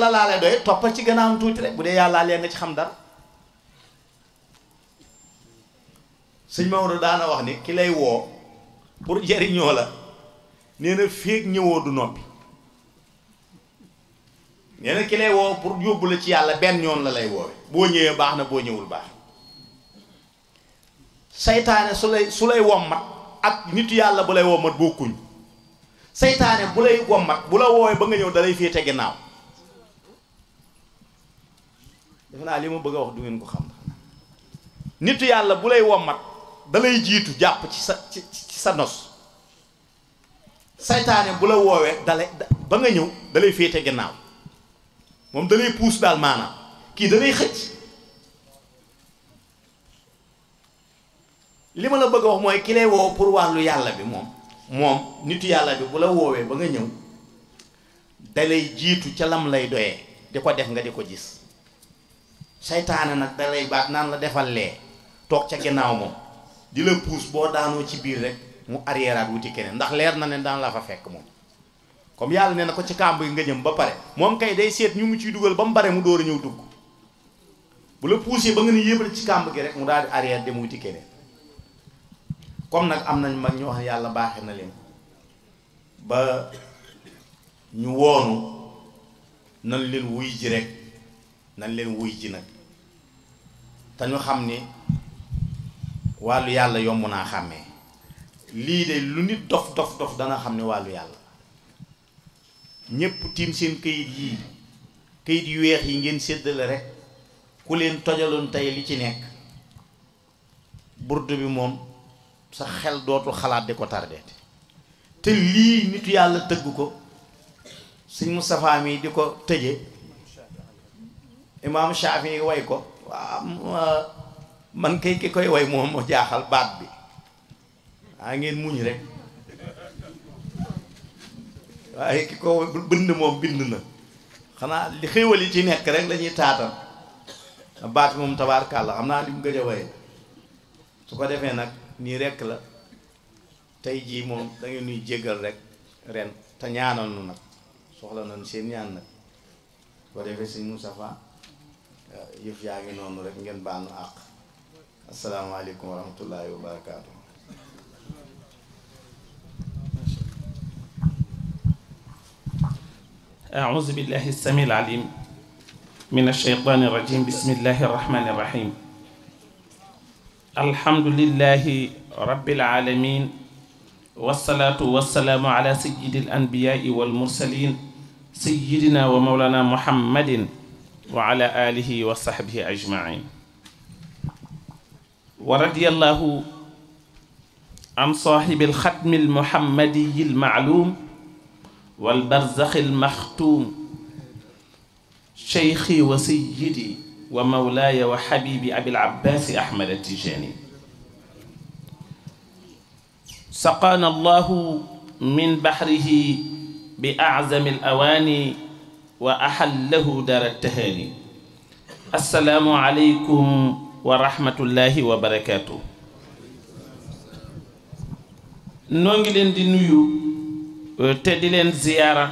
yàlla laa lay doy toppal ci gannaawam tuuti rek bu dee yàllaa leen nga ci xam dara sëñ Maodo daana wax ni ki lay woo pour jariñoo la nee na ñëwoo du noppi nee na ki woo pour yóbbu la ci yàlla benn yoon la lay woowe boo ñëwee baax na boo ñëwul baax seytaane su lay su lay wommat ak nitu yàlla bu lay wommat bokkuñ seytaane bu lay wommat bu la woowee ba nga ñëw dalay féete gannaaw defe naa li ma bëgg a wax du ngeen ko xam nitu yàlla bu lay wommat da lay jiitu jàpp ci sa ci sa nos saytaane bu la woowee dale ba nga ñëw dalay lay féete gannaaw moom dalay puus daal maanaam kii da lay xëcc li ma la bëgg a wax mooy ki lay woo pour wàllu yàlla bi moom moom nitu yàlla bi bu la woowee ba nga ñëw dalay jiitu ca lam lay doyee di ko def nga di ko gis seytaane nag da baax baat naan la defal lee toog ca ginnaaw moom di la puus boo daanoo ci biir rek mu arrière at wuti keneen ndax leer na leen daan la fa fekk moom comme yàlla ne na ko ci kàmb yi nga jëm ba pare moom kay day seet ñu mu ciy dugal ba mu bare mu door a dugg bu la poussé ba nga ne ci kàmb gi rek mu daal di arrière dem wuti keneen comme nag am nañ mag ñoo xam yàlla baaxe na leen ba ñu woonu nan leen wuy ji rek nan leen wuy ji nag tanu ñu walu yàlla yomb naa xàmmee lii de lu nit dof dof dof dana xam walu yàlla ñépp tiim seen këyit yii këyit yu weex yi ngeen séddale rek ku leen tojaloon tey li ci nekk burdu bi mom sa xel dootul xalaat di ko tardeete te lii nitu yàlla tëgg ko sëñ Moustapha mi di ko tëje imam Shaafi way ko waaw uh, man kay ki koy way moom moo jaaxal baat bi waa ngeen muñ rek waaye ki ko bind moom bind na xanaa li xéewal yi ci nekk rek lañuy taatal baat moom tabaarkàlla xam naa li mu gëj a waye su ko defee nag nii rekk la tey jii moom dangeen ngeen nuy jéggal rek ren te ñaanal nu nag soxla nañ seen ñaan nag su ko defee sëñ Moustapha yëf yaa ngi noonu rek ngeen baanu àq asalaamaaleykum wa rahmatullahi wa أعوذ بالله السميع العليم من الشيطان الرجيم بسم الله الرحمن الرحيم الحمد لله رب العالمين والصلاة والسلام على سيد الأنبياء والمرسلين سيدنا ومولانا محمد وعلى آله وصحبه أجمعين ورضي الله عن صاحب الختم المحمدي المعلوم والبرزخ المختوم شيخي وسيدي ومولاي وحبيبي أبي العباس أحمد التجاني سقانا الله من بحره بأعزم الأواني وأحله دار التهاني السلام عليكم ورحمة الله وبركاته نونجلين دينيو تدلين زيارة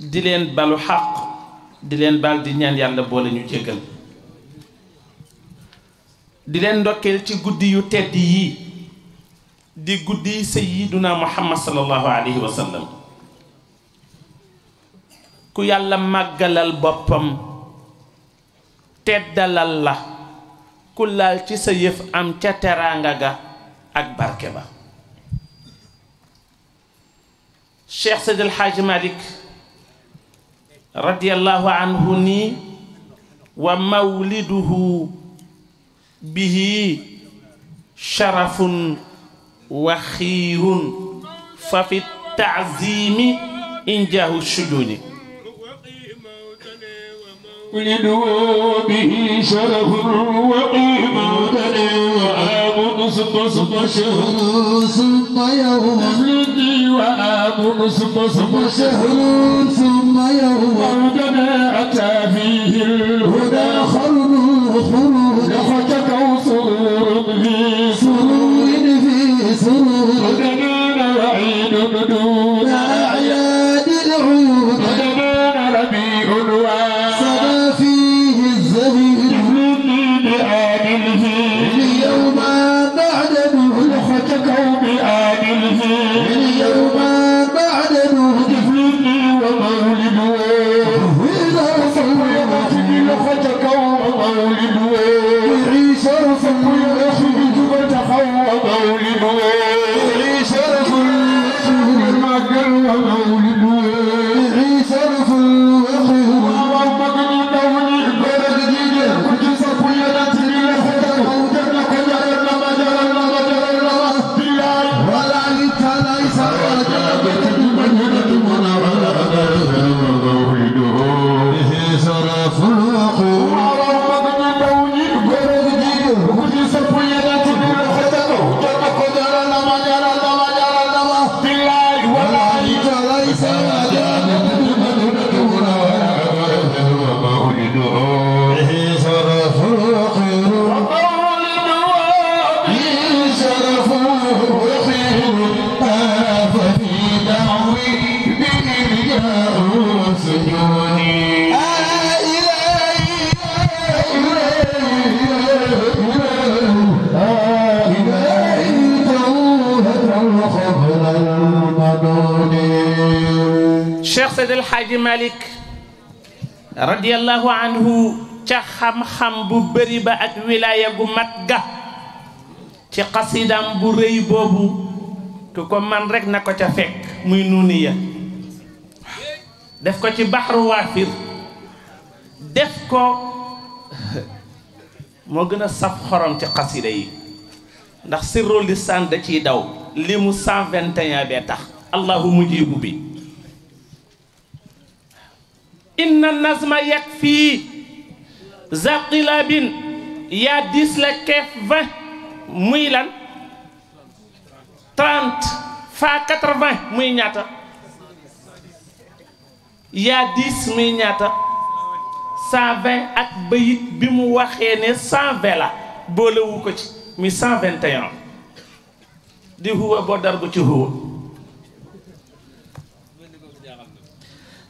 دلين بالحق دلين بال دينيان يالله بولينيو جيغل دلين دوكيل تي قدي يو تدي دي قدي سيدنا محمد صلى الله عليه وسلم ku yàlla magalal bopam teddalal la ku laal ci sa yëf am ci teranga ga ak barke ba cheikh seydi alxaaji malik radiyallahu anhu ni wa mawliduhu bihi sharafun wa xiirun fa fi taazimi injaahu shujuuni لدوا به شرف وقيمة شهر ثم يوم لدي شهر ثم يوم عندنا أتى فيه الهدى خلد خلود لحتى سرور في سرور في سرور عندنا وعيد دون Di Malik radiyallahu anhu ci xam-xam bu beuri ba ak wilaya gu mat ga ci qasidam bu rëy bobu ko ko man rek nako ca fek muy nuniya def ko ci wafir def ko mo gëna saf xorom ci qasida yi ndax sirrul lisan da ci daw limu 121 be tax allahu inna nazma yak fii zaqilabin yaa diis la keef vingt muy lan trente fa muy ñaata yaa diis muy ñaata cent vingt ak bayit bi mu waxee ne cent vingt la boolewu ko ci muy cent vingt et un di huwa boo dar ci huwa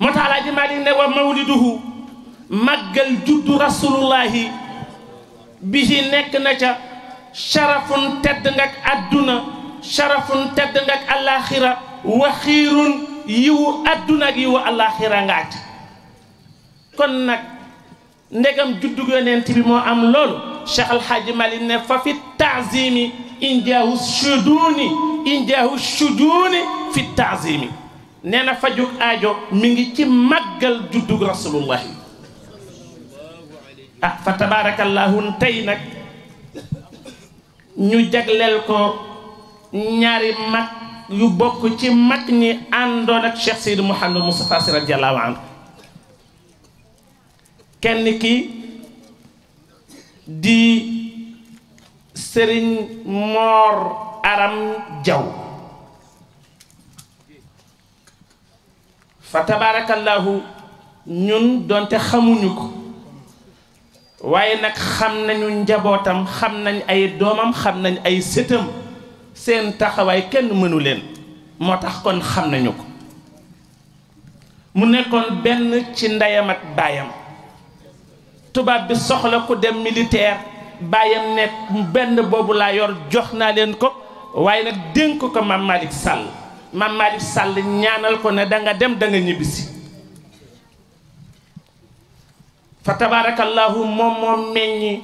moo tax alaaji Maalik ne wa mawliduhu màggal juddu rasulullahi bi ci nekk na ca sharafun tedd ngak adduna sharafun tedd ngak alaxira wa xiirun yiwu adduna ak yiwu alaxira nga at kon nag ndegam juddug yonent bi moo am loolu cheikh alhaaji Maalik ne fa fi taazimi injaahu shuduuni injaahu shuduuni fi taazimi nee na fajug mu ngi ci màggal juddug rasulullahi ah fa tabaarakallaahu tey nag ñu jagleel ko ñaari mag yu bokk ci mag ñi àndoon ak Cheikh Seydi Mouhamadou Moustapha Sy radiyallaahu kenn ki di sëriñ Mor Aram Jaw fa tabaarakallaahu ñun doonte xamuñu ko waaye nag xam nañu njabootam xam nañ ay doomam xam nañ ay sëtam seen taxawaay kenn mënu leen moo tax kon xam nañu ko mu nekkoon benn ci ndeyam ak baayam tubaab bi soxla ku dem militaire baayam nekk benn boobu laa yor jox naa leen ko waaye nag dénk ko Mame Malick Sall maam Malick Sall ñaanal ko ne danga dem danga ñibbisi fa tabarakallahu moom moom meññi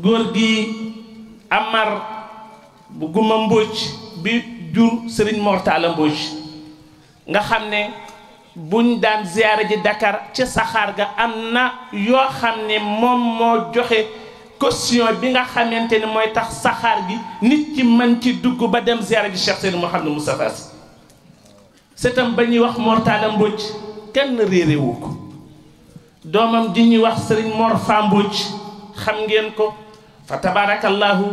góor gi Amar bu gumma Mbóoj bi jur Sëriñ Mortala Mbóoj nga xam ne buñ daan ziyaara ji Dakar ci saxaar ga am na yoo xam ne moom moo joxe caution bi nga xamante ni mooy tax saxaar gi nit ci man ci dugg ba dem ziara ji Cheikh Seydou Mouhamadou Moustapha Sy setam ba ñuy wax Mortala Mbodj kenn réeréwu ko doomam ji ñuy wax Serigne Mor Fa xam ngeen ko fa tabaarakallaahu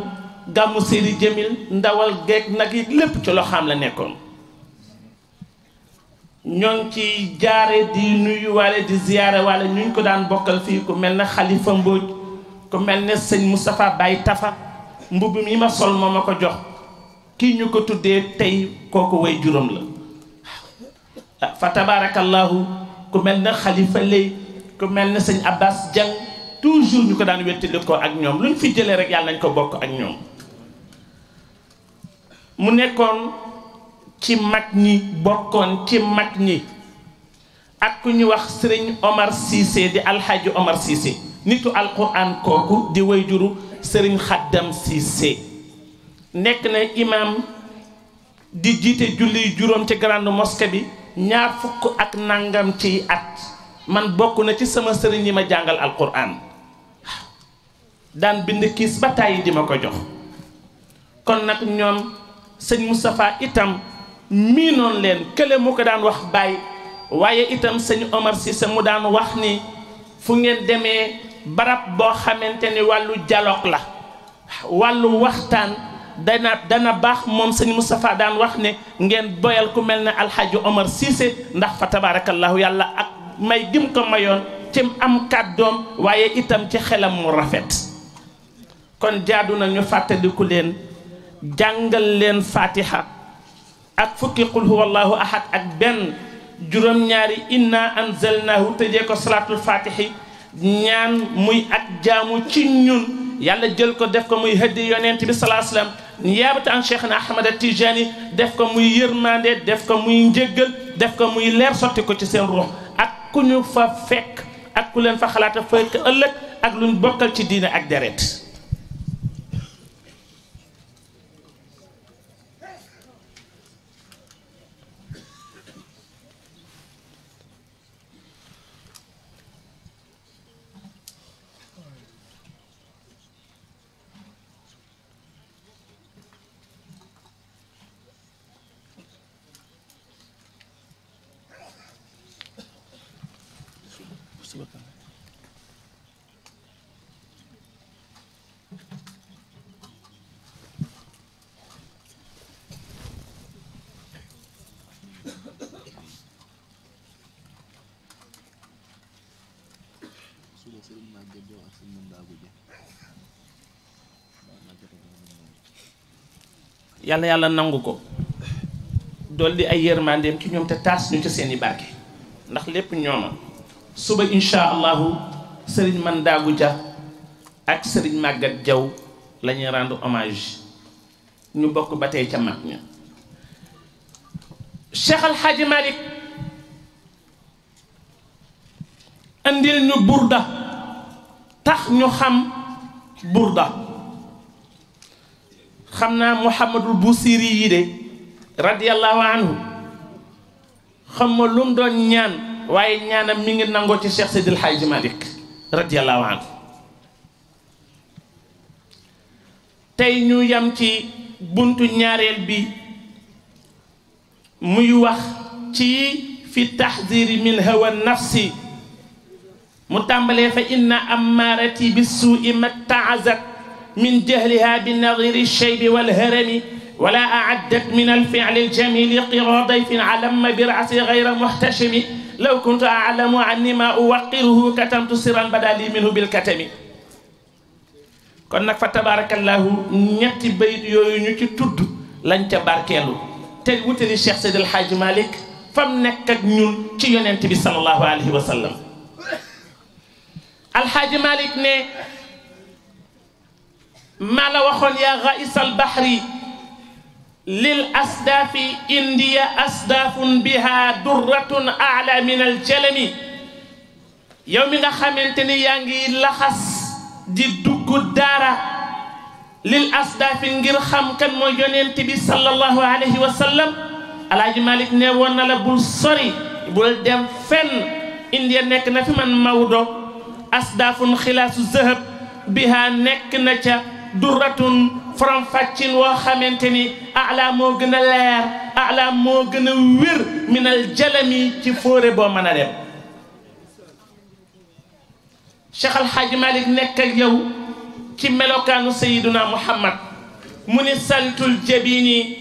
gàmmu Seydi Jamil ndawal geeg nag yi lépp ci xaam la nekkoon ñoo ngi jaare di nuyuwaale di ziyaare waale ñu ko daan bokkal fii ku mel na Xalifa Mbodj ku mel ne sëñ Moustapha bay Tafa mbubb mi ma sol moo ma ko jox kii ñu ko tuddee tey kooku way juróom la waaw ah, fa tabarakallahu ku mel ne Khalifa Lay ku mel ne sëñ Abbas Dieng toujours ñu ko daan wettali ko ak ñoom lu ñu fi jëlee rek yàlla nañ ko bokk ak ñoom mu nekkoon ci mag ñi bokkoon ci mag ñi ak ku ñu wax sëriñ Omar Cissé di alxaaji Omar Cissé nitu alquran kooku di way juru sëriñ xaddam Cissé nekk na imam di jiite julli juróom ci grande mosquée bi ñaar fukk ak nangam ciy at man bokk na ci sama sëriñ yi ma jàngal alquran daan bind kiis ba tàyyi di ma ko jox kon nag ñoom sëñ Moustapha itam miinoon leen kële mu ko daan wax bàyyi waaye itam sëñ Omar Cissé mu daan wax ni fu ngeen demee barab bo xamanteni walu dialogue la walu waxtan dana dana bax mom seigne mustapha dan wax ne ngeen boyal ku mel ne Omar Cissé ndax fa tabarakallah yàlla ak may gim ko mayon tim am kaddom waye itam ci xelam mu rafet kon jaadu na ñu fàttaliku len jàngal len fatiha ak fukki qul huwallahu ahad ak ben juróom-ñaari inna anzalnahu tëjee salatul fatihi ñaan muy ak jaamu ci ñun yàlla jël ko def ko muy hëddi yonent bi salaa salaam niyaabata an Cheikhna Ahmad Tijani def ko muy yërmande def ko muy njëggal def ko muy leer sotti ko ci seen ruux ak ku ñu fa fekk ak ku leen fa xalaata fekk ëllëg ak luñ bokkal ci diine ak deret yàlla yàlla nangu ko dolli ay yërmandeem ci ñoom te taas ñu ci seen i ndax lépp ñooma suba insha allahu sëriñ man daagu ja ak sëriñ màggat jaw la ñuy rendre ñu bokk ba tey ca mag ña Cheikh Al Hadj Malick andil ñu burda tax ñu xam burda xam naa Muhammadul Busiri yi de radiyallahu xam ma lu doon ñaan waaye ñaanam mi ngi nangoo ci Cheikh Seydil Hadji Malick radiyallahu anhu tey ñu yam ci buntu ñaareel bi muy wax ci fi taxdiri min hawa nafsi mu tàmbalee fa inna amaarati bi suui ma taazat من جهلها بالنظير الشيب والهرم ولا أعدت من الفعل الجميل قرى ضيف علم برأسي غير محتشم لو كنت أعلم عني ما أوقره كتمت سرا بدالي منه بالكتم كنك فتبارك الله نيتي بيت يوي نيتي تود لن تباركلو تل وتلي شيخ سيد الحاج مالك فم نك نيون تي يونتي صلى الله عليه وسلم الحاج مالك ني ما لا وخون يا غائس البحر للاسداف اندي اسداف بها دره اعلى من الجلم يوم غا خاملتني ياغي لخص دي دوغ دارا للاسداف غير خام كان مو يونت بي صلى الله عليه وسلم الاج مالك نيوان لا بول سوري بول ديم فن اندي نيك نا في من ماودو اسداف خلاص الذهب بها نيك نتا durratun faram fàccin woo xamante ni ala moo gën leer ala moo gën a wér minal jalami ci fóore boo mën dem Cheikh Al Hadj malik nekk ak yow ci melokaanu Sayyiduna Muhammad mu ni saltul jabini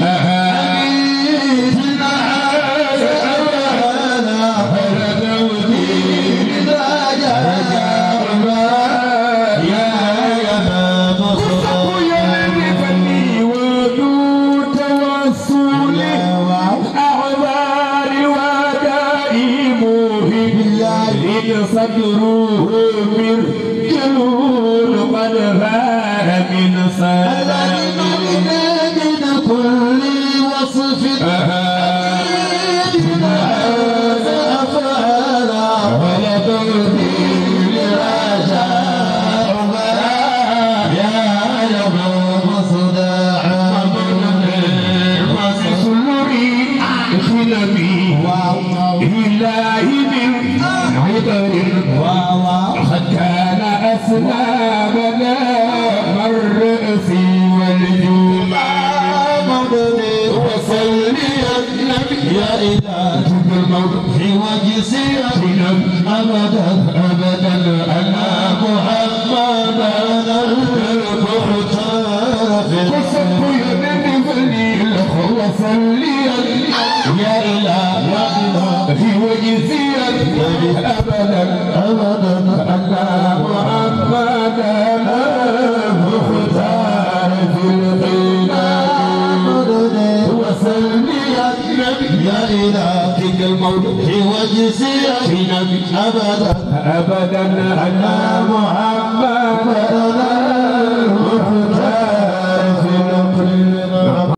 Amen. الموضوع واجزي أبدا أبدا أن محمد